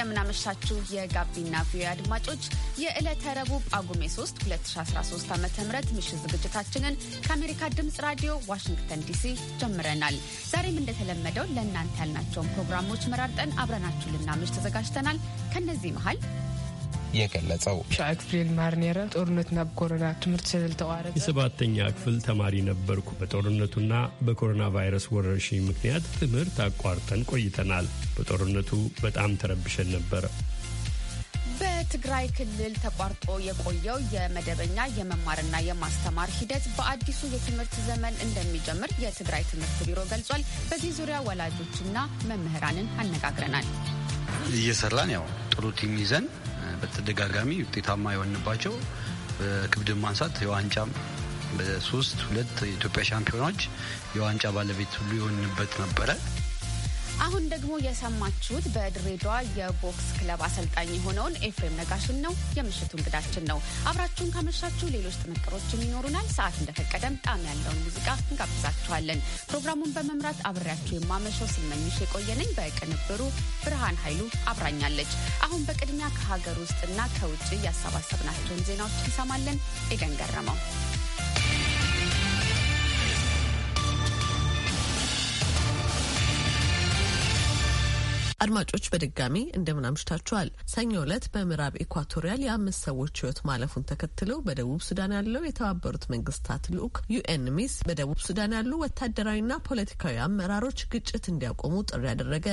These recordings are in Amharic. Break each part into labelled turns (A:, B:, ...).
A: እንደምናመሻችሁ የጋቢና ቪኦኤ አድማጮች የዕለተ ረቡዕ ጳጉሜ 3 2013 ዓ ም ምሽት ዝግጅታችንን ከአሜሪካ ድምፅ ራዲዮ ዋሽንግተን ዲሲ ጀምረናል። ዛሬም እንደተለመደው ለእናንተ ያልናቸውን ፕሮግራሞች መራርጠን አብረናችሁ ልናምሽ ተዘጋጅተናል። ከእነዚህ መሀል
B: የገለጸው። ጦርነትና በኮሮና ትምህርት ስለተቋረጠ
C: የሰባተኛ ክፍል ተማሪ ነበርኩ። በጦርነቱና በኮሮና ቫይረስ ወረርሽኝ ምክንያት ትምህርት አቋርጠን ቆይተናል። በጦርነቱ በጣም ተረብሸን ነበር።
A: በትግራይ ክልል ተቋርጦ የቆየው የመደበኛ የመማርና የማስተማር ሂደት በአዲሱ የትምህርት ዘመን እንደሚጀምር የትግራይ ትምህርት ቢሮ ገልጿል። በዚህ ዙሪያ ወላጆችና መምህራንን አነጋግረናል።
D: እየሰራን ያው ጥሩ ቲም ይዘን በተደጋጋሚ ውጤታማ የሆንባቸው በክብድን ማንሳት የዋንጫም በሶስት ሁለት የኢትዮጵያ ሻምፒዮናዎች የዋንጫ ባለቤት ሁሉ የሆንበት ነበረ።
A: አሁን ደግሞ የሰማችሁት በድሬዳዋ የቦክስ ክለብ አሰልጣኝ የሆነውን ኤፍሬም ነጋሽን ነው። የምሽቱ እንግዳችን ነው። አብራችሁን ካመሻችሁ ሌሎች ጥንቅሮችም ይኖሩናል። ሰዓት እንደፈቀደም ጣም ያለውን ሙዚቃ እንጋብዛችኋለን። ፕሮግራሙን በመምራት አብሬያችሁ የማመሸው ስመኝሽ የቆየነኝ፣ በቅንብሩ ብርሃን ኃይሉ አብራኛለች። አሁን በቅድሚያ ከሀገር ውስጥና ከውጭ ያሰባሰብናቸውን ዜናዎች እንሰማለን። ኤደን ገረመው
E: አድማጮች በድጋሚ እንደምን አምሽታችኋል። ሰኞ ዕለት በምዕራብ ኢኳቶሪያል የአምስት ሰዎች ሕይወት ማለፉን ተከትሎ በደቡብ ሱዳን ያለው የተባበሩት መንግስታት ልዑክ ዩኤን ሚስ በደቡብ ሱዳን ያሉ ወታደራዊና ፖለቲካዊ አመራሮች ግጭት እንዲያቆሙ ጥሪ ያደረገ።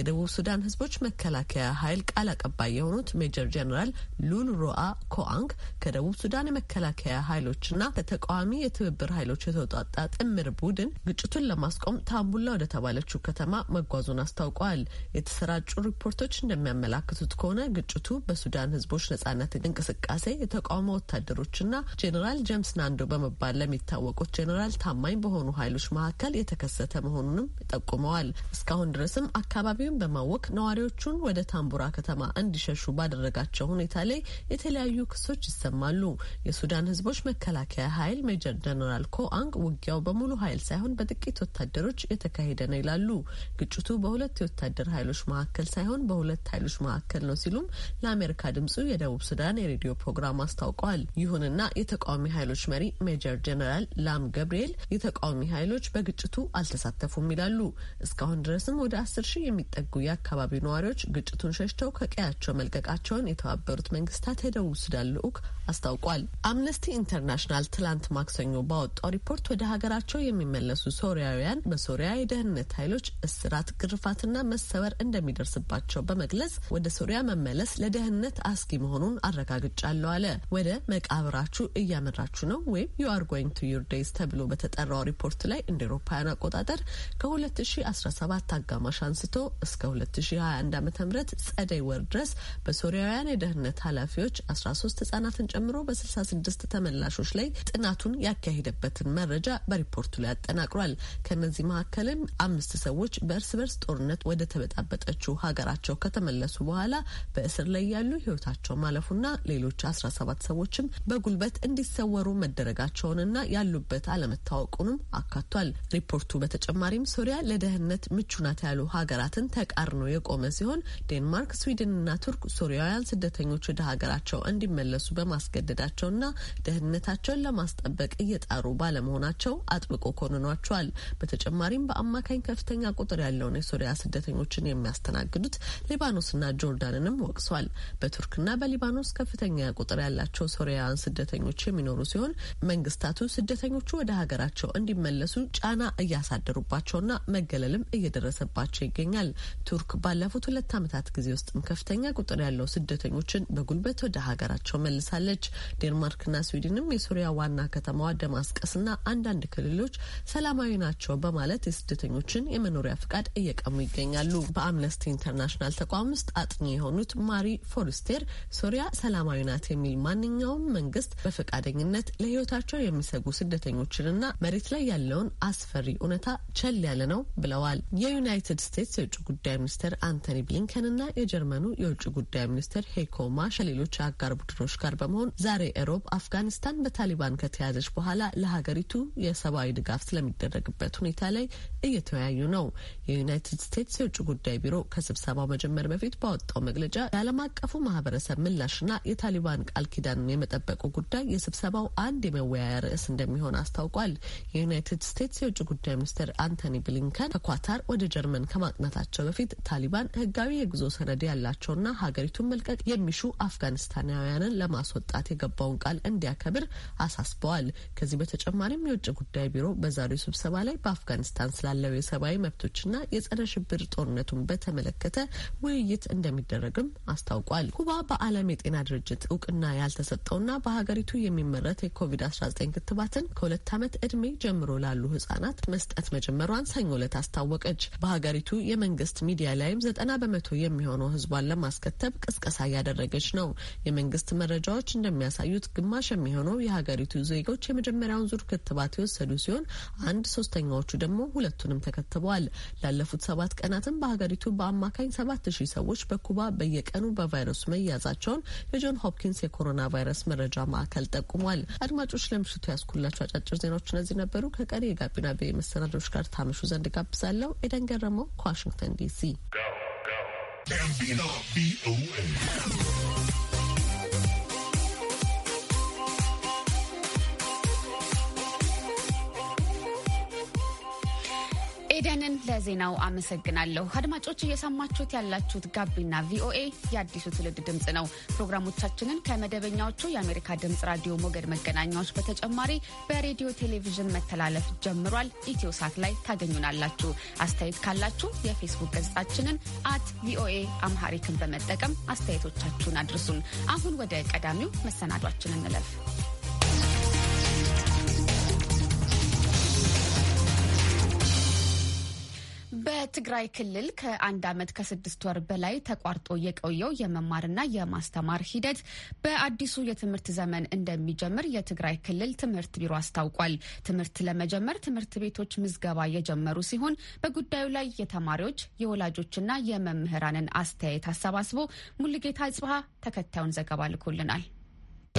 E: የደቡብ ሱዳን ሕዝቦች መከላከያ ኃይል ቃል አቀባይ የሆኑት ሜጀር ጀኔራል ሉል ሮአ ኮአንግ ከደቡብ ሱዳን የመከላከያ ኃይሎችና ከተቃዋሚ የትብብር ኃይሎች የተውጣጣ ጥምር ቡድን ግጭቱን ለማስቆም ታምቡላ ወደ ተባለችው ከተማ መጓዙን አስታውቋል። የተሰራጩ ሪፖርቶች እንደሚያመላክቱት ከሆነ ግጭቱ በሱዳን ህዝቦች ነጻነት እንቅስቃሴ የተቃውሞ ወታደሮችና ጄኔራል ጄምስ ናንዶ በመባል ለሚታወቁት ጄኔራል ታማኝ በሆኑ ኃይሎች መካከል የተከሰተ መሆኑንም ጠቁመዋል። እስካሁን ድረስም አካባቢውን በማወክ ነዋሪዎቹን ወደ ታምቡራ ከተማ እንዲሸሹ ባደረጋቸው ሁኔታ ላይ የተለያዩ ክሶች ይሰማሉ። የሱዳን ህዝቦች መከላከያ ኃይል ሜጀር ጀነራል ኮአንግ ውጊያው በሙሉ ኃይል ሳይሆን በጥቂት ወታደሮች የተካሄደ ነው ይላሉ። ግጭቱ በሁለት የወታደር ኃይሎች ኃይሎች መካከል ሳይሆን በሁለት ኃይሎች መካከል ነው ሲሉም ለአሜሪካ ድምጹ የደቡብ ሱዳን የሬዲዮ ፕሮግራም አስታውቀዋል። ይሁንና የተቃዋሚ ኃይሎች መሪ ሜጀር ጀነራል ላም ገብርኤል የተቃዋሚ ኃይሎች በግጭቱ አልተሳተፉም ይላሉ። እስካሁን ድረስም ወደ አስር ሺህ የሚጠጉ የአካባቢው ነዋሪዎች ግጭቱን ሸሽተው ከቀያቸው መልቀቃቸውን የተባበሩት መንግስታት የደቡብ ሱዳን ልዑክ አስታውቋል። አምነስቲ ኢንተርናሽናል ትላንት ማክሰኞ ባወጣው ሪፖርት ወደ ሀገራቸው የሚመለሱ ሶሪያውያን በሶሪያ የደህንነት ኃይሎች እስራት፣ ግርፋትና መሰበር እንደሚደርስባቸው በመግለጽ ወደ ሶሪያ መመለስ ለደህንነት አስጊ መሆኑን አረጋግጫለሁ አለ። ወደ መቃብራችሁ እያመራችሁ ነው ወይም ዩ አር ጎይንግ ቱ ዩር ዴይዝ ተብሎ በተጠራው ሪፖርት ላይ እንደ ኤሮፓውያን አቆጣጠር ከ2017 አጋማሽ አንስቶ እስከ 2021 ዓ ም ጸደይ ወር ድረስ በሶሪያውያን የደህንነት ኃላፊዎች 13 ህጻናትን ጨምሮ በ66 ተመላሾች ላይ ጥናቱን ያካሄደበትን መረጃ በሪፖርቱ ላይ አጠናቅሯል። ከነዚህ መካከልም አምስት ሰዎች በእርስ በርስ ጦርነት ወደ ተበጣበጠችው ሀገራቸው ከተመለሱ በኋላ በእስር ላይ ያሉ ህይወታቸው ማለፉና ሌሎች 17 ሰዎችም በጉልበት እንዲሰወሩ መደረጋቸውንና ያሉበት አለመታወቁንም አካቷል። ሪፖርቱ በተጨማሪም ሶሪያ ለደህንነት ምቹ ናት ያሉ ሀገራትን ተቃርኖ የቆመ ሲሆን ዴንማርክ፣ ስዊድንና ቱርክ ሶሪያውያን ስደተኞች ወደ ሀገራቸው እንዲመለሱ በማ በማስገደዳቸውና ደህንነታቸውን ለማስጠበቅ እየጣሩ ባለመሆናቸው አጥብቆ ኮንኗቸዋል። በተጨማሪም በአማካኝ ከፍተኛ ቁጥር ያለውን የሶሪያ ስደተኞችን የሚያስተናግዱት ሊባኖስና ጆርዳንንም ወቅሷል። በቱርክና በሊባኖስ ከፍተኛ ቁጥር ያላቸው ሶሪያውያን ስደተኞች የሚኖሩ ሲሆን መንግስታቱ ስደተኞቹ ወደ ሀገራቸው እንዲመለሱ ጫና እያሳደሩባቸውና መገለልም እየደረሰባቸው ይገኛል። ቱርክ ባለፉት ሁለት ዓመታት ጊዜ ውስጥም ከፍተኛ ቁጥር ያለው ስደተኞችን በጉልበት ወደ ሀገራቸው መልሳለች። ትገኛለች። ዴንማርክና ስዊድንም የሱሪያ ዋና ከተማዋ ደማስቀስና አንዳንድ ክልሎች ሰላማዊ ናቸው በማለት የስደተኞችን የመኖሪያ ፍቃድ እየቀሙ ይገኛሉ። በአምነስቲ ኢንተርናሽናል ተቋም ውስጥ አጥኚ የሆኑት ማሪ ፎርስቴር ሱሪያ ሰላማዊ ናት የሚል ማንኛውም መንግስት በፈቃደኝነት ለህይወታቸው የሚሰጉ ስደተኞችንና መሬት ላይ ያለውን አስፈሪ እውነታ ቸል ያለ ነው ብለዋል። የዩናይትድ ስቴትስ የውጭ ጉዳይ ሚኒስትር አንቶኒ ብሊንከንና የጀርመኑ የውጭ ጉዳይ ሚኒስትር ሄኮ ማሽ ከሌሎች አጋር ቡድኖች ጋር በመሆን በመሆን ዛሬ እሮብ አፍጋኒስታን በታሊባን ከተያዘች በኋላ ለሀገሪቱ የሰብአዊ ድጋፍ ስለሚደረግበት ሁኔታ ላይ እየተወያዩ ነው። የዩናይትድ ስቴትስ የውጭ ጉዳይ ቢሮ ከስብሰባው መጀመር በፊት ባወጣው መግለጫ የዓለም አቀፉ ማህበረሰብ ምላሽና የታሊባን ቃል ኪዳንን የመጠበቁ ጉዳይ የስብሰባው አንድ የመወያያ ርዕስ እንደሚሆን አስታውቋል። የዩናይትድ ስቴትስ የውጭ ጉዳይ ሚኒስትር አንቶኒ ብሊንከን ከኳታር ወደ ጀርመን ከማቅናታቸው በፊት ታሊባን ህጋዊ የጉዞ ሰነድ ያላቸውና ሀገሪቱን መልቀቅ የሚሹ አፍጋኒስታናውያንን ለማስወጣ ለመውጣት የገባውን ቃል እንዲያከብር አሳስበዋል። ከዚህ በተጨማሪም የውጭ ጉዳይ ቢሮ በዛሬው ስብሰባ ላይ በአፍጋኒስታን ስላለው የሰብአዊ መብቶችና የጸረ ሽብር ጦርነቱን በተመለከተ ውይይት እንደሚደረግም አስታውቋል። ኩባ በዓለም የጤና ድርጅት እውቅና ያልተሰጠውና በሀገሪቱ የሚመረት የኮቪድ-19 ክትባትን ከሁለት ዓመት ዕድሜ ጀምሮ ላሉ ህጻናት መስጠት መጀመሯን ሰኞ ዕለት አስታወቀች። በሀገሪቱ የመንግስት ሚዲያ ላይም ዘጠና በመቶ የሚሆነው ህዝቧን ለማስከተብ ቅስቀሳ እያደረገች ነው። የመንግስት መረጃዎች እንደሚያሳዩት ግማሽ የሚሆነው የሀገሪቱ ዜጎች የመጀመሪያውን ዙር ክትባት የወሰዱ ሲሆን አንድ ሶስተኛዎቹ ደግሞ ሁለቱንም ተከትበዋል። ላለፉት ሰባት ቀናትም በሀገሪቱ በአማካኝ ሰባት ሺህ ሰዎች በኩባ በየቀኑ በቫይረሱ መያዛቸውን የጆን ሆፕኪንስ የኮሮና ቫይረስ መረጃ ማዕከል ጠቁሟል። አድማጮች ለምሽቱ ያስኩላቸው አጫጭር ዜናዎች እነዚህ ነበሩ። ከቀሪ የጋቢና ቤ መሰናዶች ጋር ታመሹ ዘንድ ጋብዛለሁ። ኤደን ገረመው ከዋሽንግተን ዲሲ
A: ኤደንን ለዜናው አመሰግናለሁ። አድማጮች እየሰማችሁት ያላችሁት ጋቢና ቪኦኤ የአዲሱ ትውልድ ድምፅ ነው። ፕሮግራሞቻችንን ከመደበኛዎቹ የአሜሪካ ድምፅ ራዲዮ ሞገድ መገናኛዎች በተጨማሪ በሬዲዮ ቴሌቪዥን መተላለፍ ጀምሯል። ኢትዮ ሳት ላይ ታገኙናላችሁ። አስተያየት ካላችሁ የፌስቡክ ገጻችንን አት ቪኦኤ አምሃሪክን በመጠቀም አስተያየቶቻችሁን አድርሱን። አሁን ወደ ቀዳሚው መሰናዷችን እንለፍ። በትግራይ ክልል ከአንድ ዓመት ከስድስት ወር በላይ ተቋርጦ የቆየው የመማርና የማስተማር ሂደት በአዲሱ የትምህርት ዘመን እንደሚጀምር የትግራይ ክልል ትምህርት ቢሮ አስታውቋል። ትምህርት ለመጀመር ትምህርት ቤቶች ምዝገባ የጀመሩ ሲሆን በጉዳዩ ላይ የተማሪዎች የወላጆችና የመምህራንን አስተያየት አሰባስቦ ሙልጌታ ጽብሃ ተከታዩን ዘገባ ልኮልናል።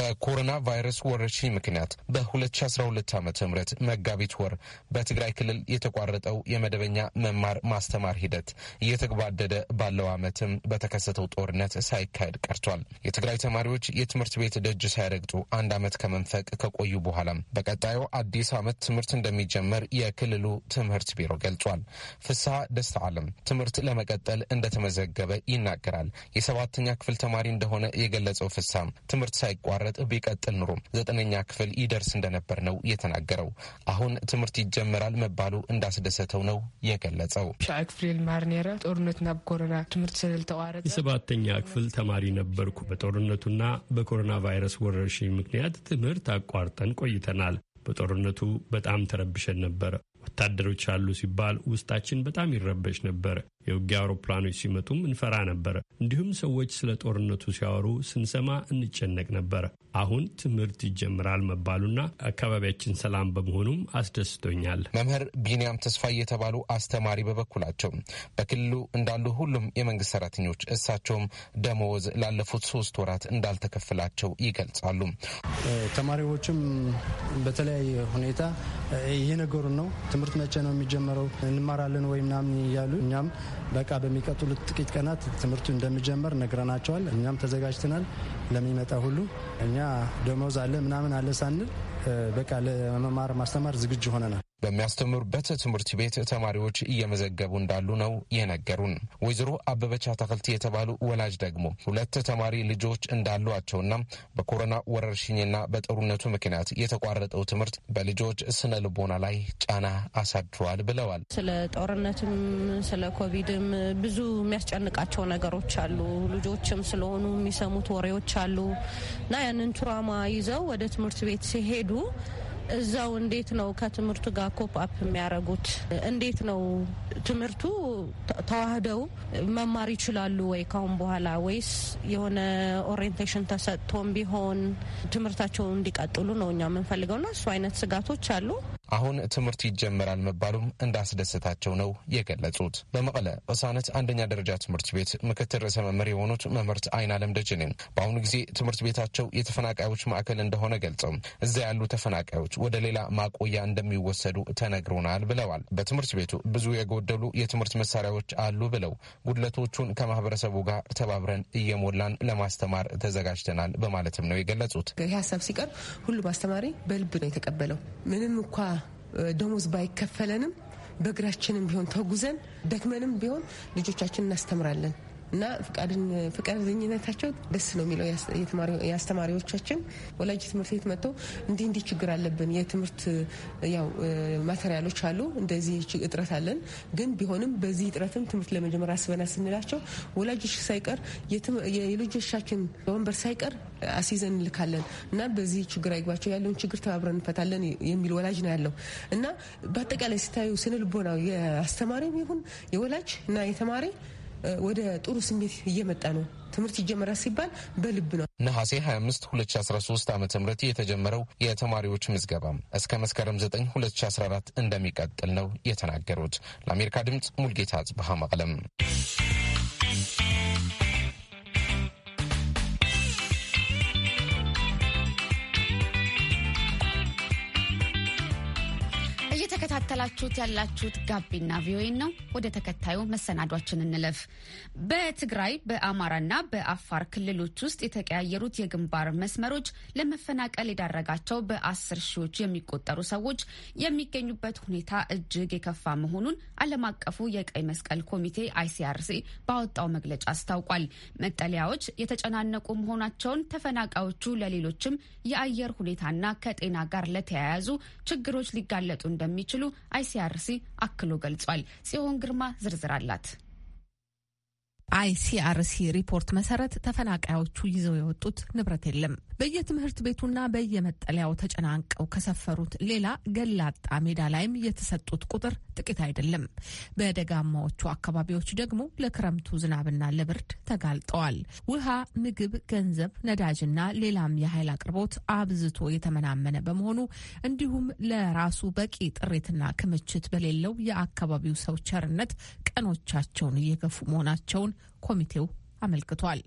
F: በኮሮና ቫይረስ ወረርሽኝ ምክንያት በ2012 ዓ ም መጋቢት ወር በትግራይ ክልል የተቋረጠው የመደበኛ መማር ማስተማር ሂደት እየተገባደደ ባለው ዓመትም በተከሰተው ጦርነት ሳይካሄድ ቀርቷል። የትግራይ ተማሪዎች የትምህርት ቤት ደጅ ሳይረግጡ አንድ ዓመት ከመንፈቅ ከቆዩ በኋላም በቀጣዩ አዲስ ዓመት ትምህርት እንደሚጀመር የክልሉ ትምህርት ቢሮ ገልጿል። ፍስሐ ደስታ ዓለም ትምህርት ለመቀጠል እንደተመዘገበ ይናገራል። የሰባተኛ ክፍል ተማሪ እንደሆነ የገለጸው ፍስሐም ትምህርት ሳይቋረጥ ነጥብ ቢቀጥል ኑሮ ዘጠነኛ ክፍል ይደርስ እንደነበር ነው የተናገረው። አሁን ትምህርት ይጀመራል መባሉ እንዳስደሰተው ነው የገለጸው።
B: ክፍል ነረ ኮሮና
F: የሰባተኛ ክፍል ተማሪ ነበርኩ።
C: በጦርነቱና በኮሮና ቫይረስ ወረርሽኝ ምክንያት ትምህርት አቋርጠን ቆይተናል። በጦርነቱ በጣም ተረብሸን ነበር። ወታደሮች አሉ ሲባል ውስጣችን በጣም ይረበሽ ነበር። የውጊያ አውሮፕላኖች ሲመጡም እንፈራ ነበር። እንዲሁም ሰዎች ስለ ጦርነቱ ሲያወሩ ስንሰማ እንጨነቅ ነበር። አሁን ትምህርት ይጀምራል መባሉና አካባቢያችን
F: ሰላም በመሆኑም አስደስቶኛል። መምህር ቢንያም ተስፋ እየተባሉ አስተማሪ በበኩላቸው በክልሉ እንዳሉ ሁሉም የመንግስት ሰራተኞች እሳቸውም ደመወዝ ላለፉት ሶስት ወራት እንዳልተከፍላቸው ይገልጻሉ።
G: ተማሪዎችም በተለያየ ሁኔታ እየነገሩን ነው። ትምህርት መቼ ነው የሚጀመረው? እንማራለን ወይ ምናምን እያሉ እኛም በቃ በሚቀጥሉት ጥቂት ቀናት ትምህርቱ እንደሚጀመር ነግረናቸዋል። እኛም ተዘጋጅተናል ለሚመጣ ሁሉ። እኛ ደሞዝ አለ ምናምን አለ ሳንል በቃ ለመማር ማስተማር ዝግጁ ሆነናል።
F: በሚያስተምሩበት ትምህርት ቤት ተማሪዎች እየመዘገቡ እንዳሉ ነው የነገሩን። ወይዘሮ አበበቻ ተክልት የተባሉ ወላጅ ደግሞ ሁለት ተማሪ ልጆች እንዳሏቸውና በኮሮና ወረርሽኝና በጦርነቱ ምክንያት የተቋረጠው ትምህርት በልጆች ስነ ልቦና ላይ ጫና አሳድሯል ብለዋል።
E: ስለ ጦርነትም ስለ ኮቪድም ብዙ የሚያስጨንቃቸው ነገሮች አሉ። ልጆችም ስለሆኑ የሚሰሙት ወሬዎች አሉ እና ያንን ቱራማ ይዘው ወደ ትምህርት ቤት ሲሄዱ እዛው እንዴት ነው ከትምህርቱ ጋር ኮፕ አፕ የሚያደርጉት? እንዴት ነው ትምህርቱ ተዋህደው መማር ይችላሉ ወይ ካሁን በኋላ ወይስ የሆነ ኦሪንቴሽን ተሰጥቶም ቢሆን ትምህርታቸውን እንዲቀጥሉ ነው እኛ ና እሱ አይነት ስጋቶች አሉ።
F: አሁን ትምህርት ይጀመራል መባሉም እንዳስደሰታቸው ነው የገለጹት። በመቀለ እሳነት አንደኛ ደረጃ ትምህርት ቤት ምክትል ርዕሰ መምህር የሆኑት መምህርት አይን ደጀኔም በአሁኑ ጊዜ ትምህርት ቤታቸው የተፈናቃዮች ማዕከል እንደሆነ ገልጸው እዛ ያሉ ተፈናቃዮች ወደ ሌላ ማቆያ እንደሚወሰዱ ተነግሮናል ብለዋል። በትምህርት ቤቱ ብዙ የጎ የጎደሉ የትምህርት መሳሪያዎች አሉ ብለው ጉድለቶቹን ከማህበረሰቡ ጋር ተባብረን እየሞላን ለማስተማር ተዘጋጅተናል በማለትም ነው የገለጹት። ይህ ሀሳብ ሲቀርብ ሁሉም አስተማሪ በልብ ነው የተቀበለው።
H: ምንም እንኳ ደሞዝ ባይከፈለንም በእግራችንም
F: ቢሆን ተጉዘን
H: ደክመንም ቢሆን ልጆቻችን እናስተምራለን እና ፈቃደኝነታቸው ደስ ነው የሚለው የአስተማሪዎቻችን ወላጅ ትምህርት ቤት መጥተው እንዲህ እንዲህ ችግር አለብን፣ የትምህርት ያው ማቴሪያሎች አሉ፣ እንደዚህ እጥረት አለን፣ ግን ቢሆንም በዚህ እጥረትም ትምህርት ለመጀመር አስበና ስንላቸው ወላጆች ሳይቀር የልጆቻችን ወንበር ሳይቀር አስይዘን እንልካለን እና በዚህ ችግር አይግባቸው ያለውን ችግር ተባብረን እንፈታለን የሚል ወላጅ ነው ያለው እና በአጠቃላይ ሲታዩ ስንልቦናው የአስተማሪም ይሁን የወላጅ እና የተማሪ ወደ ጥሩ ስሜት እየመጣ ነው። ትምህርት ይጀመራል ሲባል በልብ
F: ነው። ነሐሴ 25 2013 ዓ ም የተጀመረው የተማሪዎች ምዝገባ እስከ መስከረም 9 2014 እንደሚቀጥል ነው የተናገሩት። ለአሜሪካ ድምፅ ሙልጌታ አጽብሃ መቀለም
A: እየተከታተላችሁት ያላችሁት ጋቢና ቪኦኤ ነው። ወደ ተከታዩ መሰናዷችን እንለፍ። በትግራይ በአማራና በአፋር ክልሎች ውስጥ የተቀያየሩት የግንባር መስመሮች ለመፈናቀል የዳረጋቸው በአስር ሺዎች የሚቆጠሩ ሰዎች የሚገኙበት ሁኔታ እጅግ የከፋ መሆኑን ዓለም አቀፉ የቀይ መስቀል ኮሚቴ አይሲአርሲ ባወጣው መግለጫ አስታውቋል። መጠለያዎች የተጨናነቁ መሆናቸውን፣ ተፈናቃዮቹ ለሌሎችም የአየር ሁኔታና ከጤና ጋር ለተያያዙ ችግሮች ሊጋለጡ እንደሚችሉ አይሲአርሲ አክሎ ገልጿል። ጽዮን ግርማ ዝርዝር
H: አላት። አይሲአርሲ ሪፖርት መሰረት ተፈናቃዮቹ ይዘው የወጡት ንብረት የለም። በየትምህርት ቤቱና በየመጠለያው ተጨናንቀው ከሰፈሩት ሌላ ገላጣ ሜዳ ላይም የተሰጡት ቁጥር ጥቂት አይደለም። በደጋማዎቹ አካባቢዎች ደግሞ ለክረምቱ ዝናብና ለብርድ ተጋልጠዋል። ውሃ፣ ምግብ፣ ገንዘብ፣ ነዳጅና ሌላም የኃይል አቅርቦት አብዝቶ የተመናመነ በመሆኑ እንዲሁም ለራሱ በቂ ጥሪትና ክምችት በሌለው የአካባቢው ሰው ቸርነት ቀኖቻቸውን እየገፉ መሆናቸውን ኮሚቴው አመልክቷል።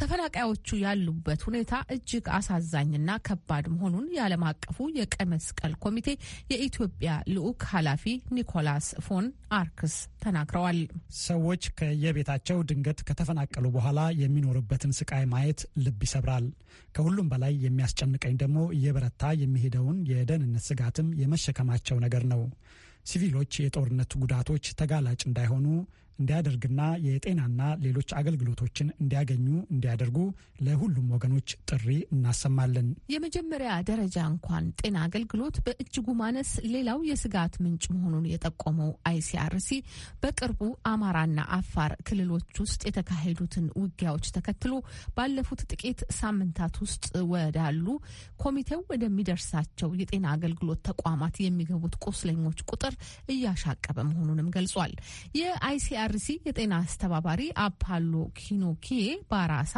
H: ተፈናቃዮቹ ያሉበት ሁኔታ እጅግ አሳዛኝና ከባድ መሆኑን የዓለም አቀፉ የቀይ መስቀል ኮሚቴ የኢትዮጵያ ልዑክ ኃላፊ ኒኮላስ ፎን አርክስ ተናግረዋል።
D: ሰዎች ከየቤታቸው ድንገት ከተፈናቀሉ በኋላ የሚኖሩበትን ስቃይ ማየት ልብ ይሰብራል። ከሁሉም በላይ የሚያስጨንቀኝ ደግሞ እየበረታ የሚሄደውን የደህንነት ስጋትም የመሸከማቸው ነገር ነው። ሲቪሎች የጦርነት ጉዳቶች ተጋላጭ እንዳይሆኑ እንዲያደርግና የጤናና ሌሎች አገልግሎቶችን እንዲያገኙ እንዲያደርጉ ለሁሉም ወገኖች ጥሪ እናሰማለን።
H: የመጀመሪያ ደረጃ እንኳን ጤና አገልግሎት በእጅጉ ማነስ ሌላው የስጋት ምንጭ መሆኑን የጠቆመው አይሲአርሲ በቅርቡ አማራና አፋር ክልሎች ውስጥ የተካሄዱትን ውጊያዎች ተከትሎ ባለፉት ጥቂት ሳምንታት ውስጥ ወዳሉ ኮሚቴው ወደሚደርሳቸው የጤና አገልግሎት ተቋማት የሚገቡት ቁስለኞች ቁጥር እያሻቀበ መሆኑንም ገልጿል። የአይሲአር የአርሲ የጤና አስተባባሪ አፓሎ ኪኖኪዬ ባራሳ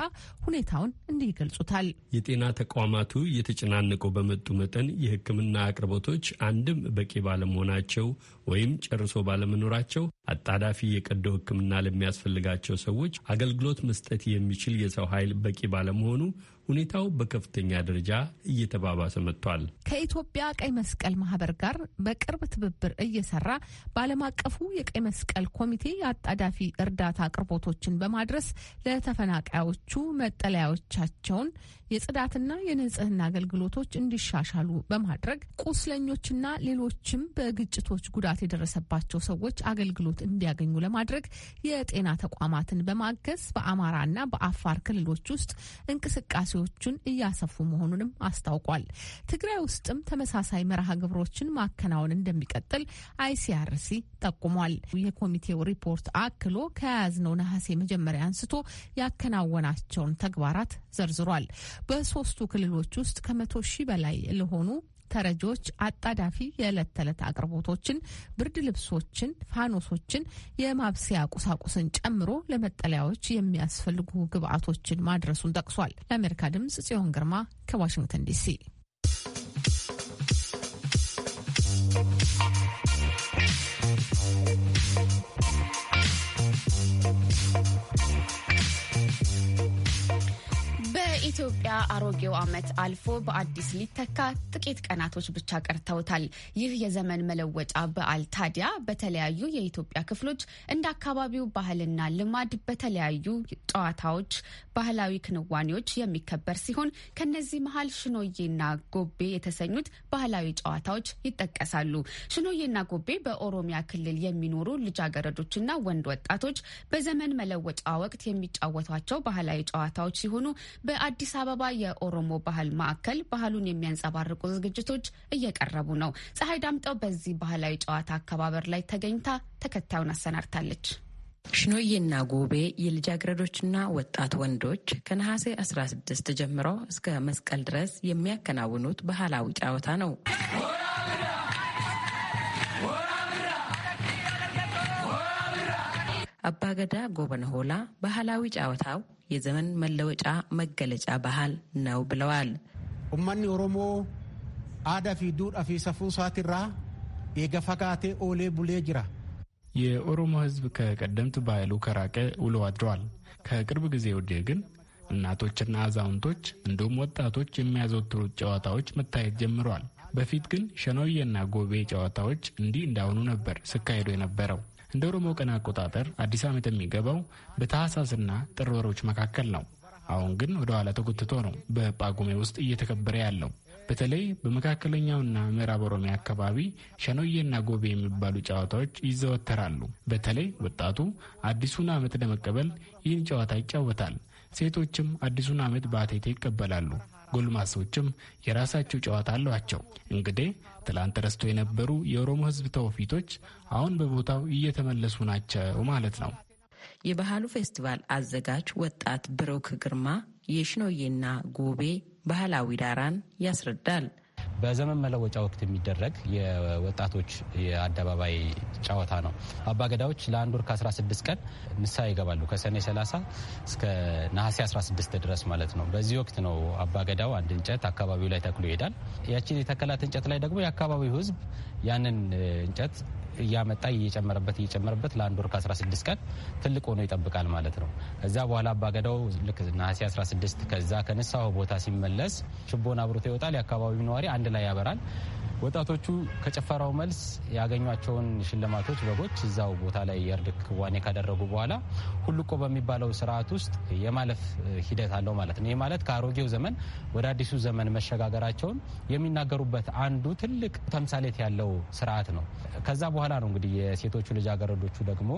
H: ሁኔታውን እንዲህ ይገልጹታል።
C: የጤና ተቋማቱ እየተጨናነቁ በመጡ መጠን የሕክምና አቅርቦቶች አንድም በቂ ባለመሆናቸው ወይም ጨርሶ ባለመኖራቸው አጣዳፊ የቀዶ ሕክምና ለሚያስፈልጋቸው ሰዎች አገልግሎት መስጠት የሚችል የሰው ኃይል በቂ ባለመሆኑ ሁኔታው በከፍተኛ ደረጃ እየተባባሰ መጥቷል።
H: ከኢትዮጵያ ቀይ መስቀል ማህበር ጋር በቅርብ ትብብር እየሰራ በዓለም አቀፉ የቀይ መስቀል ኮሚቴ የአጣዳፊ እርዳታ አቅርቦቶችን በማድረስ ለተፈናቃዮቹ መጠለያዎቻቸውን የጽዳትና የንጽህና አገልግሎቶች እንዲሻሻሉ በማድረግ ቁስለኞችና ሌሎችም በግጭቶች ጉዳት የደረሰባቸው ሰዎች አገልግሎት እንዲያገኙ ለማድረግ የጤና ተቋማትን በማገዝ በአማራና በአፋር ክልሎች ውስጥ እንቅስቃሴ ፖሊሲዎቹን እያሰፉ መሆኑንም አስታውቋል። ትግራይ ውስጥም ተመሳሳይ መርሃ ግብሮችን ማከናወን እንደሚቀጥል አይሲአርሲ ጠቁሟል። የኮሚቴው ሪፖርት አክሎ ከያዝነው ነሐሴ መጀመሪያ አንስቶ ያከናወናቸውን ተግባራት ዘርዝሯል። በሶስቱ ክልሎች ውስጥ ከመቶ ሺህ በላይ ለሆኑ ተረጂዎች አጣዳፊ የዕለት ተዕለት አቅርቦቶችን፣ ብርድ ልብሶችን፣ ፋኖሶችን፣ የማብሰያ ቁሳቁስን ጨምሮ ለመጠለያዎች የሚያስፈልጉ ግብዓቶችን ማድረሱን ጠቅሷል። ለአሜሪካ ድምጽ ጽዮን ግርማ ከዋሽንግተን ዲሲ
A: የኢትዮጵያ አሮጌው ዓመት አልፎ በአዲስ ሊተካ ጥቂት ቀናቶች ብቻ ቀርተውታል። ይህ የዘመን መለወጫ በዓል ታዲያ በተለያዩ የኢትዮጵያ ክፍሎች እንደ አካባቢው ባህልና ልማድ በተለያዩ ጨዋታዎች፣ ባህላዊ ክንዋኔዎች የሚከበር ሲሆን ከነዚህ መሀል ሽኖዬና ጎቤ የተሰኙት ባህላዊ ጨዋታዎች ይጠቀሳሉ። ሽኖዬና ጎቤ በኦሮሚያ ክልል የሚኖሩ ልጃገረዶችና ወንድ ወጣቶች በዘመን መለወጫ ወቅት የሚጫወቷቸው ባህላዊ ጨዋታዎች ሲሆኑ በአዲስ አበባ አበባ የኦሮሞ ባህል ማዕከል ባህሉን የሚያንጸባርቁ ዝግጅቶች እየቀረቡ ነው። ፀሐይ ዳምጠው በዚህ ባህላዊ ጨዋታ አከባበር ላይ ተገኝታ ተከታዩን አሰናድታለች።
I: ሽኖዬና ጎቤ የልጃገረዶችና ወጣት ወንዶች ከነሐሴ 16 ጀምሮ እስከ መስቀል ድረስ የሚያከናውኑት ባህላዊ ጨዋታ ነው። አባገዳ ጎበነ ሆላ ባህላዊ ጨዋታው የዘመን መለወጫ መገለጫ
B: ባህል ነው ብለዋል። ኡማኒ ኦሮሞ አዳ ፊ ዱር ፊ ሰፉ
J: ሳትራ የገፈጋቴ ኦሌ ቡሌ ጅራ
B: የኦሮሞ ህዝብ ከቀደምት ባህሉ ከራቀ ውሎ አድሯል። ከቅርብ ጊዜ ወዲህ ግን እናቶችና አዛውንቶች እንዲሁም ወጣቶች የሚያዘወትሩት ጨዋታዎች መታየት ጀምረዋል። በፊት ግን ሸኖዬና ጎቤ ጨዋታዎች እንዲህ እንዳሁኑ ነበር ስካሄዱ የነበረው። እንደ ኦሮሞ ቀን አቆጣጠር አዲስ ዓመት የሚገባው በታህሳስና ጥር ወሮች መካከል ነው። አሁን ግን ወደ ኋላ ተጎትቶ ነው በጳጉሜ ውስጥ እየተከበረ ያለው። በተለይ በመካከለኛውና ምዕራብ ኦሮሚያ አካባቢ ሸኖዬና ጎቤ የሚባሉ ጨዋታዎች ይዘወተራሉ። በተለይ ወጣቱ አዲሱን ዓመት ለመቀበል ይህን ጨዋታ ይጫወታል። ሴቶችም አዲሱን ዓመት በአቴቴ ይቀበላሉ። ጎልማሶችም የራሳቸው ጨዋታ አሏቸው። እንግዲህ ትላንት ረስቶ የነበሩ የኦሮሞ ሕዝብ ተውፊቶች አሁን በቦታው እየተመለሱ ናቸው ማለት ነው።
I: የባህሉ ፌስቲቫል አዘጋጅ ወጣት ብሩክ ግርማ የሽኖዬና ጎቤ ባህላዊ ዳራን ያስረዳል።
K: በዘመን መለወጫ ወቅት የሚደረግ የወጣቶች የአደባባይ ጨዋታ ነው። አባገዳዎች ለአንድ ወር ከ16 ቀን ንሳ ይገባሉ። ከሰኔ 30 እስከ ነሐሴ 16 ድረስ ማለት ነው። በዚህ ወቅት ነው አባገዳው አንድ እንጨት አካባቢው ላይ ተክሎ ይሄዳል። ያችን የተከላት እንጨት ላይ ደግሞ የአካባቢው ሕዝብ ያንን እንጨት እያመጣ እየጨመረበት እየጨመረበት ለአንድ ወር ከ16 ቀን ትልቅ ሆኖ ይጠብቃል ማለት ነው። ከዛ በኋላ አባገዳው ልክ ነሐሴ 16 ከዛ ከነሳው ቦታ ሲመለስ ችቦን አብሮት ይወጣል። የአካባቢው ነዋሪ አንድ ላይ ያበራል። ወጣቶቹ ከጭፈራው መልስ ያገኟቸውን ሽልማቶች በጎች እዛው ቦታ ላይ የእርድ ክዋኔ ካደረጉ በኋላ ሁሉቆ በሚባለው ስርዓት ውስጥ የማለፍ ሂደት አለው ማለት ነው። ይህ ማለት ከአሮጌው ዘመን ወደ አዲሱ ዘመን መሸጋገራቸውን የሚናገሩበት አንዱ ትልቅ ተምሳሌት ያለው ስርዓት ነው። ከዛ በኋላ ነው እንግዲህ የሴቶቹ ልጃገረዶቹ ደግሞ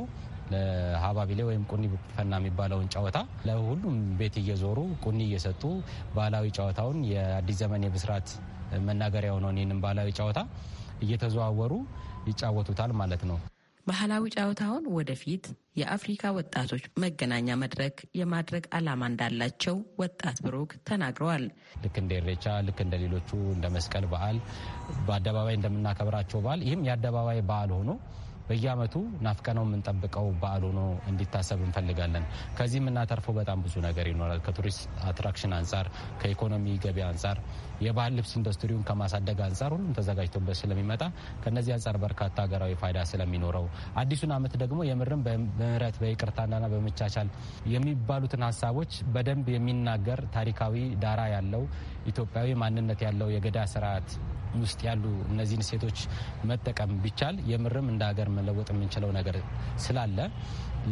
K: ለሀባቢሌ ወይም ቁኒ ፈና የሚባለውን ጨዋታ ለሁሉም ቤት እየዞሩ ቁኒ እየሰጡ ባህላዊ ጨዋታውን የአዲስ ዘመን የብስራት መናገሪያ የሆነውን ይህንን ባህላዊ ጨዋታ እየተዘዋወሩ ይጫወቱታል ማለት ነው።
I: ባህላዊ ጨዋታውን ወደፊት የአፍሪካ ወጣቶች መገናኛ መድረክ የማድረግ ዓላማ እንዳላቸው ወጣት ብሩክ
K: ተናግረዋል። ልክ እንደ ኢሬቻ፣ ልክ እንደ ሌሎቹ እንደ መስቀል በዓል በአደባባይ እንደምናከብራቸው በዓል ይህም የአደባባይ በዓል ሆኖ በየአመቱ ናፍቀነው የምንጠብቀው በዓል ሆኖ እንዲታሰብ እንፈልጋለን። ከዚህ የምናተርፈው በጣም ብዙ ነገር ይኖራል። ከቱሪስት አትራክሽን አንጻር፣ ከኢኮኖሚ ገቢ አንጻር፣ የባህል ልብስ ኢንዱስትሪውን ከማሳደግ አንጻር ሁሉም ተዘጋጅቶበት ስለሚመጣ ከነዚህ አንጻር በርካታ ሀገራዊ ፋይዳ ስለሚኖረው አዲሱን አመት ደግሞ የምርም በምህረት በይቅርታና በመቻቻል የሚባሉትን ሀሳቦች በደንብ የሚናገር ታሪካዊ ዳራ ያለው ኢትዮጵያዊ ማንነት ያለው የገዳ ስርዓት ውስጥ ያሉ እነዚህን ሴቶች መጠቀም ቢቻል የምርም እንደ ሀገር መለወጥ የምንችለው ነገር ስላለ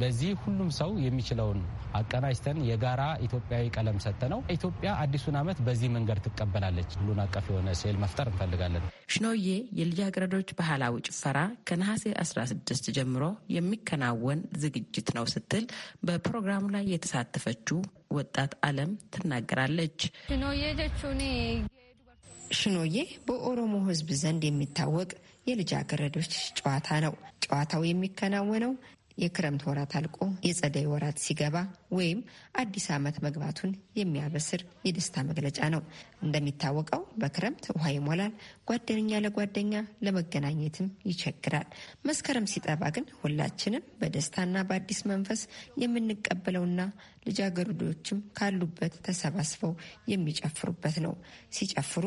K: ለዚህ ሁሉም ሰው የሚችለውን አቀናጅተን የጋራ ኢትዮጵያዊ ቀለም ሰጠ ነው ኢትዮጵያ አዲሱን ዓመት በዚህ መንገድ ትቀበላለች። ሁሉን አቀፍ የሆነ ስዕል መፍጠር እንፈልጋለን። ሽኖዬ
I: የልጃገረዶች ባህላዊ ጭፈራ ከነሐሴ 16 ጀምሮ የሚከናወን ዝግጅት ነው ስትል በፕሮግራሙ ላይ የተሳተፈችው ወጣት አለም ትናገራለች። ሽኖዬ ሽኖዬ በኦሮሞ ሕዝብ ዘንድ የሚታወቅ የልጃገረዶች ጨዋታ ነው። ጨዋታው የሚከናወነው የክረምት ወራት አልቆ የጸደይ ወራት ሲገባ ወይም አዲስ ዓመት መግባቱን የሚያበስር የደስታ መግለጫ ነው። እንደሚታወቀው በክረምት ውሃ ይሞላል፣ ጓደኛ ለጓደኛ ለመገናኘትም ይቸግራል። መስከረም ሲጠባ ግን ሁላችንም በደስታና በአዲስ መንፈስ የምንቀበለውና ልጃገረዶችም ካሉበት ተሰባስበው የሚጨፍሩበት ነው። ሲጨፍሩ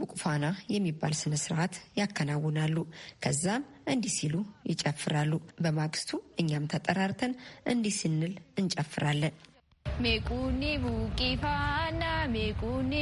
I: ቡቁፋና የሚባል ስነስርዓት ያከናውናሉ። ከዛም እንዲህ ሲሉ ይጨፍራሉ። በማግስቱ እኛም ተጠራርተን እንዲህ ስንል እንጨፍ እንጨፍራለን።
A: ሜቁኒ ቡቂፋና ሜቁኒ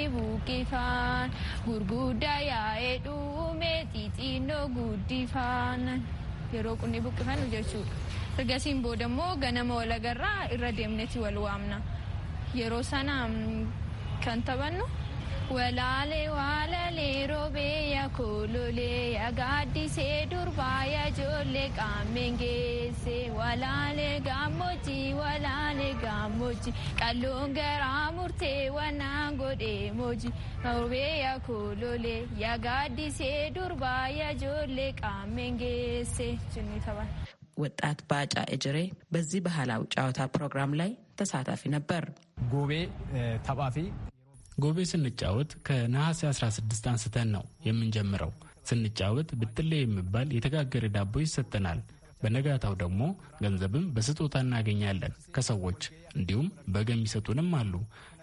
A: ወላሌ ዋለሌ ሮቤ ያኮሎሌ ያጋዲሴ ዱርባ ያጆሌ ቃሜንጌሴ ወላሌ
I: ጋሞጂ ወላሌ ጋሞጂ ቀሎን ገራ ሙርቴ ወናን ጎዴ ሞጂ ሮቤ ያኮሎሌ ያጋዲሴ ዱርባ ያጆሌ ቃሜንጌሴ ችኒ ተባል። ወጣት ባጫ እጅሬ በዚህ ባህላዊ ጨዋታ ፕሮግራም ላይ ተሳታፊ ነበር።
B: ጎቤ ተባፊ ጎቤ ስንጫወት ከነሐሴ 16 አንስተን ነው የምንጀምረው። ስንጫወት ብትሌ የሚባል የተጋገረ ዳቦ ይሰጠናል። በነጋታው ደግሞ ገንዘብም በስጦታ እናገኛለን ከሰዎች እንዲሁም በግ የሚሰጡንም አሉ።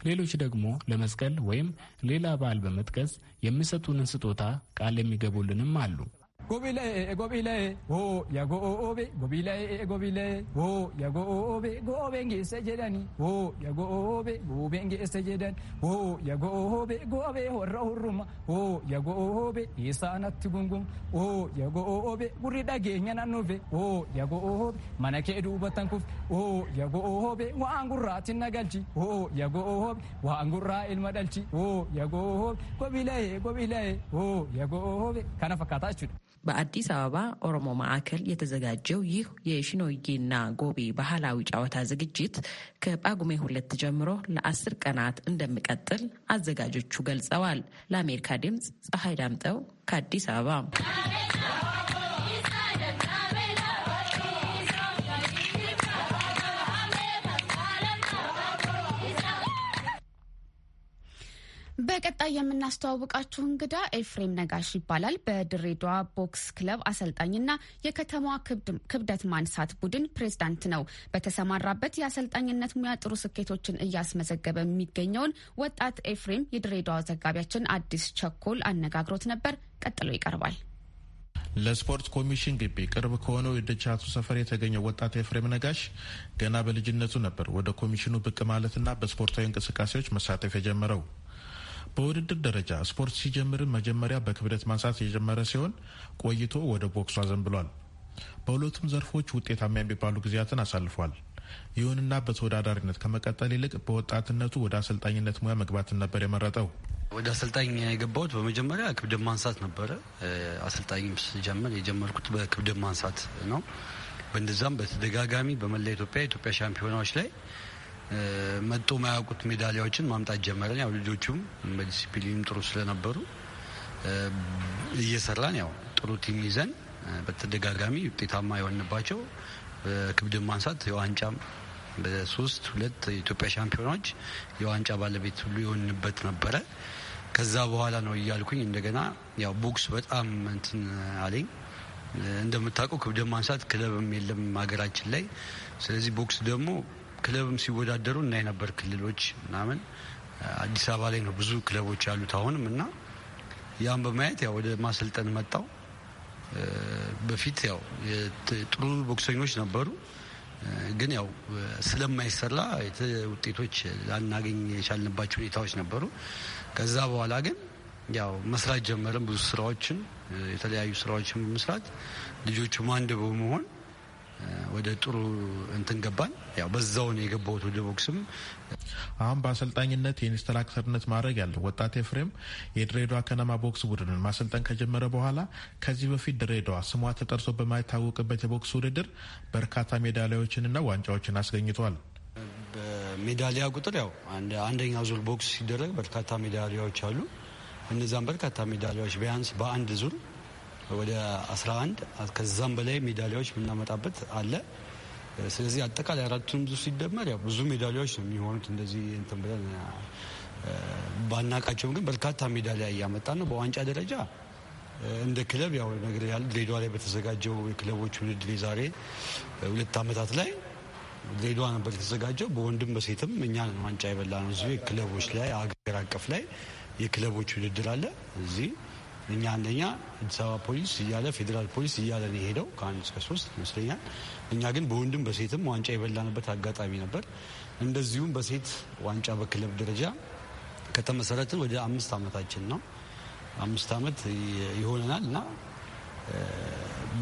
B: ሌሎች ደግሞ ለመስቀል ወይም ሌላ በዓል በመጥቀስ የሚሰጡንን ስጦታ ቃል የሚገቡልንም አሉ።
K: Gobilee gobilee hoo yago oobe gobilee gobilee hoo yago oobe goobe ngeessa jedhani hoo yago oobe goobe ngeessa jedhan hoo yago oobe goobe warra hurruma hoo yago oobe dhiyeessaa anatti gunguma hoo yago oobe gurri dhageenya nan nufe hoo yago oobe mana kee duubatan kufe hoo yago oobe waan gurraatiin na galchi hoo yago oobe waan gurraa ilma dhalchi hoo yago oobe gobilee gobilee hoo yago oobe kana fakkaataa jechuudha.
I: በአዲስ አበባ ኦሮሞ ማዕከል የተዘጋጀው ይህ የሽኖዬና ጎቤ ባህላዊ ጨዋታ ዝግጅት ከጳጉሜ ሁለት ጀምሮ ለአስር ቀናት እንደሚቀጥል አዘጋጆቹ ገልጸዋል። ለአሜሪካ ድምፅ ፀሐይ ዳምጠው ከአዲስ አበባ
A: በቀጣይ የምናስተዋውቃችሁ እንግዳ ኤፍሬም ነጋሽ ይባላል። በድሬዳዋ ቦክስ ክለብ አሰልጣኝና የከተማዋ ክብደት ማንሳት ቡድን ፕሬዝዳንት ነው። በተሰማራበት የአሰልጣኝነት ሙያ ጥሩ ስኬቶችን እያስመዘገበ የሚገኘውን ወጣት ኤፍሬም የድሬዳዋ ዘጋቢያችን አዲስ ቸኮል አነጋግሮት ነበር። ቀጥሎ ይቀርባል።
J: ለስፖርት ኮሚሽን ግቢ ቅርብ ከሆነው የደቻቱ ሰፈር የተገኘው ወጣት ኤፍሬም ነጋሽ ገና በልጅነቱ ነበር ወደ ኮሚሽኑ ብቅ ማለትና በስፖርታዊ እንቅስቃሴዎች መሳተፍ የጀመረው በውድድር ደረጃ ስፖርት ሲጀምር መጀመሪያ በክብደት ማንሳት የጀመረ ሲሆን ቆይቶ ወደ ቦክሱ አዘንብሏል። በሁለቱም ዘርፎች ውጤታማ የሚባሉ ጊዜያትን አሳልፏል። ይሁንና በተወዳዳሪነት ከመቀጠል ይልቅ በወጣትነቱ ወደ አሰልጣኝነት ሙያ መግባትን ነበር የመረጠው።
D: ወደ አሰልጣኝ የገባሁት በመጀመሪያ ክብደት ማንሳት ነበረ። አሰልጣኝም ስጀምር የጀመርኩት በክብደት ማንሳት ነው። በእንደዛም በተደጋጋሚ በመላ ኢትዮጵያ ኢትዮጵያ ሻምፒዮናዎች ላይ መጦ ማያውቁት ሜዳሊያዎችን ማምጣት ጀመረን። ያው ልጆቹም በዲሲፕሊን ጥሩ ስለነበሩ እየሰራን ያው ጥሩ ቲም ይዘን በተደጋጋሚ ውጤታማ የሆንባቸው ክብድ ማንሳት የዋንጫም በሶስት ሁለት የኢትዮጵያ ሻምፒዮናዎች የዋንጫ ባለቤት ሁሉ የሆንበት ነበረ። ከዛ በኋላ ነው እያልኩኝ እንደገና ያው ቦክስ በጣም እንትን አለኝ። እንደምታውቀው ክብደ ማንሳት ክለብም የለም ሀገራችን ላይ። ስለዚህ ቦክስ ደግሞ ክለብም ሲወዳደሩ እናይ ነበር። ክልሎች ምናምን አዲስ አበባ ላይ ነው ብዙ ክለቦች ያሉት አሁንም እና ያን በማየት ያው ወደ ማሰልጠን መጣው። በፊት ያው ጥሩ ቦክሰኞች ነበሩ፣ ግን ያው ስለማይሰራ ውጤቶች ላናገኝ የቻልንባቸው ሁኔታዎች ነበሩ። ከዛ በኋላ ግን ያው መስራት ጀመረን። ብዙ ስራዎችን የተለያዩ ስራዎችን በመስራት ልጆቹም አንድ በመሆን ወደ ጥሩ እንትን
J: ገባን። ያው ነው የገባሁት ወደ ቦክስም አሁን በአሰልጣኝነት የኢንስትራክተርነት ማድረግ ያለው ወጣት ኤፍሬም የድሬዳዋ ከነማ ቦክስ ቡድንን ማሰልጠን ከጀመረ በኋላ ከዚህ በፊት ድሬዳዋ ስሟ ተጠርሶ በማይታወቅበት የቦክስ ውድድር በርካታ ሜዳሊያዎችንና ዋንጫዎችን አስገኝቷል።
D: በሜዳሊያ ቁጥር ያው አንደኛ ዙር ቦክስ ሲደረግ በርካታ ሜዳሊያዎች አሉ። እነዛም በርካታ ሜዳሊያዎች ቢያንስ በአንድ ዙር ወደ 11 ከዛም በላይ ሜዳሊያዎች የምናመጣበት አለ። ስለዚህ አጠቃላይ አራቱን ብዙ ሲደመር ያው ብዙ ሜዳሊያዎች ነው የሚሆኑት። እንደዚህ እንትን ብለን ባናቃቸውም ግን በርካታ ሜዳሊያ እያመጣ ነው። በዋንጫ ደረጃ እንደ ክለብ ያው ነገር ያለ ድሬዳዋ ላይ በተዘጋጀው የክለቦች ውድድር ዛሬ ሁለት ዓመታት ላይ ድሬዳዋ ነበር የተዘጋጀው። በወንድም በሴትም እኛ ዋንጫ የበላ ነው። እዚህ ክለቦች ላይ አገር አቀፍ ላይ የክለቦች ውድድር አለ እዚህ እኛ አንደኛ አዲስ አበባ ፖሊስ እያለ ፌዴራል ፖሊስ እያለ ነው የሄደው ከአንድ እስከ ሶስት ይመስለኛል። እኛ ግን በወንድም በሴትም ዋንጫ የበላንበት አጋጣሚ ነበር። እንደዚሁም በሴት ዋንጫ በክለብ ደረጃ ከተመሰረትን ወደ አምስት ዓመታችን ነው። አምስት ዓመት ይሆነናል እና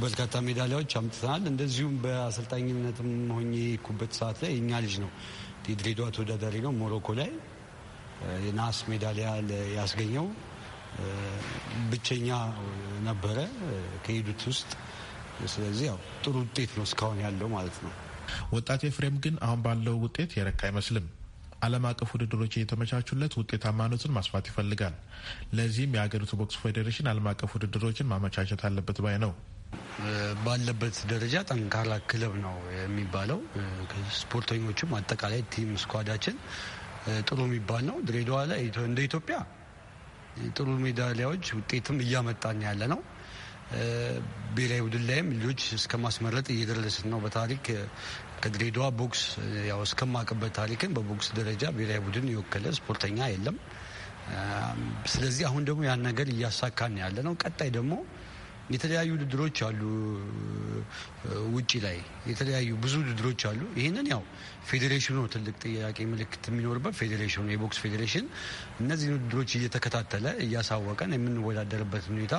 D: በርካታ ሜዳሊያዎች አምጥተናል። እንደዚሁም በአሰልጣኝነትም ሆኜ የኩበት ሰዓት ላይ እኛ ልጅ ነው የድሬዳዋ ተወዳዳሪ ነው ሞሮኮ ላይ የናስ ሜዳሊያ ያስገኘው ብቸኛ ነበረ
J: ከሄዱት ውስጥ።
D: ስለዚህ ያው ጥሩ ውጤት ነው እስካሁን ያለው ማለት
J: ነው። ወጣት ኤፍሬም ግን አሁን ባለው ውጤት የረካ አይመስልም። ዓለም አቀፍ ውድድሮች እየተመቻቹለት ውጤታማነቱን ማስፋት ይፈልጋል። ለዚህም የሀገሪቱ ቦክስ ፌዴሬሽን ዓለም አቀፍ ውድድሮችን ማመቻቸት አለበት ባይ ነው።
D: ባለበት ደረጃ ጠንካራ ክለብ ነው የሚባለው። ስፖርተኞቹም አጠቃላይ ቲም ስኳዳችን ጥሩ የሚባል ነው። ድሬዳዋ ላይ እንደ ኢትዮጵያ ጥሩ ሜዳሊያዎች ውጤትም እያመጣን ያለ ነው። ብሔራዊ ቡድን ላይም ልጆች እስከ ማስመረጥ እየደረስን ነው። በታሪክ ከድሬዳዋ ቦክስ ያው እስከማቅበት ታሪክን በቦክስ ደረጃ ብሔራዊ ቡድን የወከለ ስፖርተኛ የለም። ስለዚህ አሁን ደግሞ ያን ነገር እያሳካን ያለ ነው። ቀጣይ ደግሞ የተለያዩ ውድድሮች አሉ። ውጭ ላይ የተለያዩ ብዙ ውድድሮች አሉ። ይህንን ያው ፌዴሬሽኑ ትልቅ ጥያቄ ምልክት የሚኖርበት ፌዴሬሽኑ፣ የቦክስ ፌዴሬሽን እነዚህን ውድድሮች እየተከታተለ እያሳወቀን የምንወዳደርበት ሁኔታ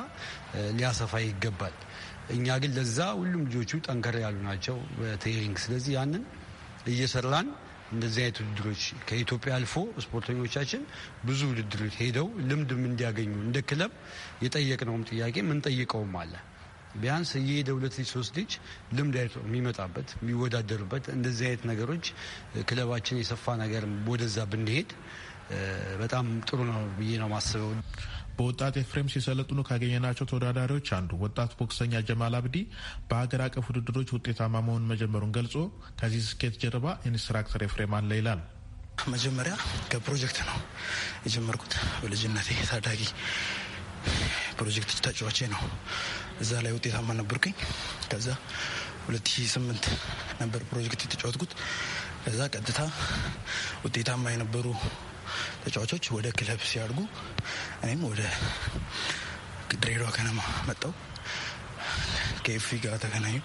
D: ሊያሰፋ ይገባል። እኛ ግን ለዛ ሁሉም ልጆቹ ጠንከር ያሉ ናቸው በትሬኒንግ ስለዚህ ያንን እየሰራን እንደዚህ አይነት ውድድሮች ከኢትዮጵያ አልፎ ስፖርተኞቻችን ብዙ ውድድሮች ሄደው ልምድም እንዲያገኙ እንደ ክለብ የጠየቅነውም ጥያቄ ምንጠይቀውም አለ። ቢያንስ እየሄደ ሁለት ልጅ ሶስት ልጅ ልምድ የሚመጣበት የሚወዳደሩበት እንደዚህ አይነት ነገሮች ክለባችን የሰፋ ነገር ወደዛ ብንሄድ በጣም
J: ጥሩ ነው ብዬ ነው ማስበው። በወጣት ኤፍሬም ሲሰለጥኑ ካገኘናቸው ተወዳዳሪዎች አንዱ ወጣት ቦክሰኛ ጀማል አብዲ በሀገር አቀፍ ውድድሮች ውጤታማ መሆን መጀመሩን ገልጾ ከዚህ ስኬት ጀርባ ኢንስትራክተር ኤፍሬም አለ ይላል። መጀመሪያ ከፕሮጀክት ነው የጀመርኩት። በልጅነቴ ታዳጊ ፕሮጀክት ተጫዋቼ ነው። እዛ ላይ ውጤታማ ነበርኩኝ። ከዛ 2008 ነበር ፕሮጀክት የተጫወትኩት። ከዛ ቀጥታ ውጤታማ የነበሩ ተጫዋቾች ወደ ክለብ ሲያድጉ እኔም ወደ ድሬዳዋ ከነማ መጣው። ከኤፍ ጋር ተገናኙ።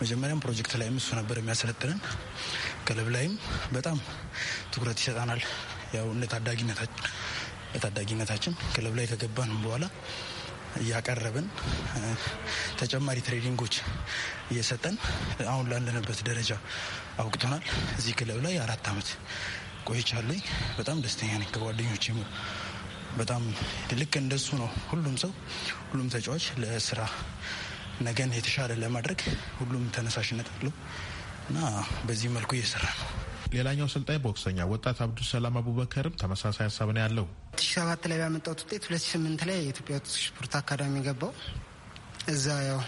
J: መጀመሪያም ፕሮጀክት ላይም እሱ ነበር የሚያሰለጥንን። ክለብ ላይም በጣም ትኩረት ይሰጣናል። ያው እንደ ታዳጊነታችን ክለብ ላይ ከገባን በኋላ እያቀረብን ተጨማሪ ትሬኒንጎች እየሰጠን አሁን ላለንበት ደረጃ አውቅቶናል። እዚህ ክለብ ላይ አራት ዓመት ቆይቻለኝ። በጣም ደስተኛ ነኝ ከጓደኞች በጣም ልክ እንደሱ ነው። ሁሉም ሰው ሁሉም ተጫዋች ለስራ ነገን የተሻለ ለማድረግ ሁሉም ተነሳሽነት አለው እና በዚህ መልኩ እየሰራ ነው። ሌላኛው አሰልጣኝ ቦክሰኛ ወጣት አብዱሰላም አቡበከርም ተመሳሳይ ሀሳብ ነው ያለው።
G: 2007 ላይ ባመጣሁት ውጤት ሁለት ላይ የኢትዮጵያ ስፖርት አካዳሚ ገባው። እዛ ያው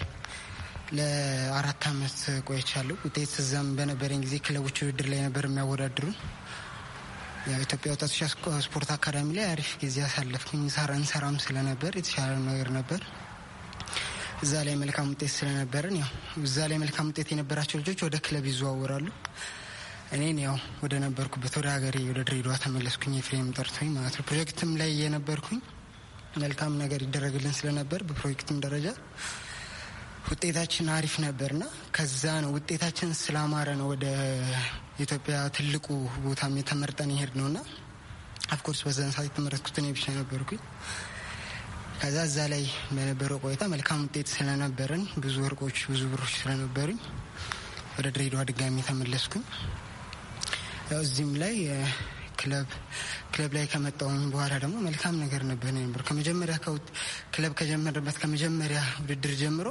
G: ለአራት አመት ቆይቻለሁ። ውጤት እዛም በነበረኝ ጊዜ ክለቦች ውድድር ላይ ነበር የሚያወዳድሩን የኢትዮጵያ ወጣቶች ስፖርት አካዳሚ ላይ አሪፍ ጊዜ አሳለፍኩኝ። እንሰራም ስለነበር የተሻለ ነገር ነበር። እዛ ላይ መልካም ውጤት ስለነበርን ያው እዛ ላይ መልካም ውጤት የነበራቸው ልጆች ወደ ክለብ ይዘዋወራሉ። እኔን ያው ወደ ነበርኩበት ወደ ሀገሬ ወደ ድሬዳዋ ተመለስኩኝ። የፍሬም ጠርቶኝ ማለት ነው ፕሮጀክትም ላይ የነበርኩኝ መልካም ነገር ይደረግልን ስለነበር በፕሮጀክትም ደረጃ ውጤታችን አሪፍ ነበርና ከዛ ነው ውጤታችን ስላማረ ነው ወደ ኢትዮጵያ ትልቁ ቦታም የተመርጠን ይሄድ ነውና አፍኮርስ በዛን ሰዓት የተመረጥኩት እኔ ብቻ ነበርኩኝ። ከዛ እዛ ላይ በነበረው ቆይታ መልካም ውጤት ስለነበረን ብዙ ወርቆች፣ ብዙ ብሮች ስለነበሩኝ ወደ ድሬዳዋ ድጋሚ ተመለስኩኝ። እዚህም ላይ ክለብ ክለብ ላይ ከመጣውም በኋላ ደግሞ መልካም ነገር ነበር ነበር ከመጀመሪያ ክለብ ከጀመረበት ከመጀመሪያ ውድድር ጀምሮ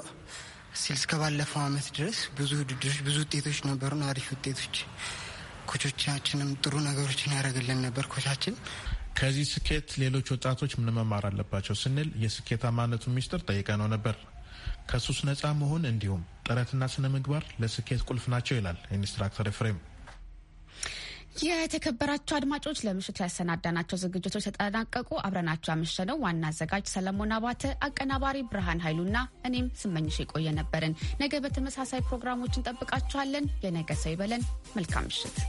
G: ሲል እስከ ባለፈው አመት ድረስ ብዙ ውድድሮች፣ ብዙ ውጤቶች ነበሩን፣ አሪፍ ውጤቶች። ኮቾቻችንም ጥሩ ነገሮችን ያደረግልን ነበር ኮቻችን። ከዚህ ስኬት
J: ሌሎች ወጣቶች ምን መማር አለባቸው ስንል የስኬታማነቱ ሚስጥር ጠይቀ ነው ነበር። ከሱስ ነጻ መሆን እንዲሁም ጥረትና ስነ ምግባር ለስኬት ቁልፍ ናቸው ይላል ኢንስትራክተር ፍሬም።
A: የተከበራቸው አድማጮች ለምሽቱ ያሰናዳናቸው ዝግጅቶች ተጠናቀቁ። አብረናቸው ያመሸነው ዋና አዘጋጅ ሰለሞን አባተ፣ አቀናባሪ ብርሃን ኃይሉና እኔም ስመኝሽ የቆየ ነበርን። ነገ በተመሳሳይ ፕሮግራሞች እንጠብቃችኋለን። የነገ ሰው ይበለን። መልካም ምሽት።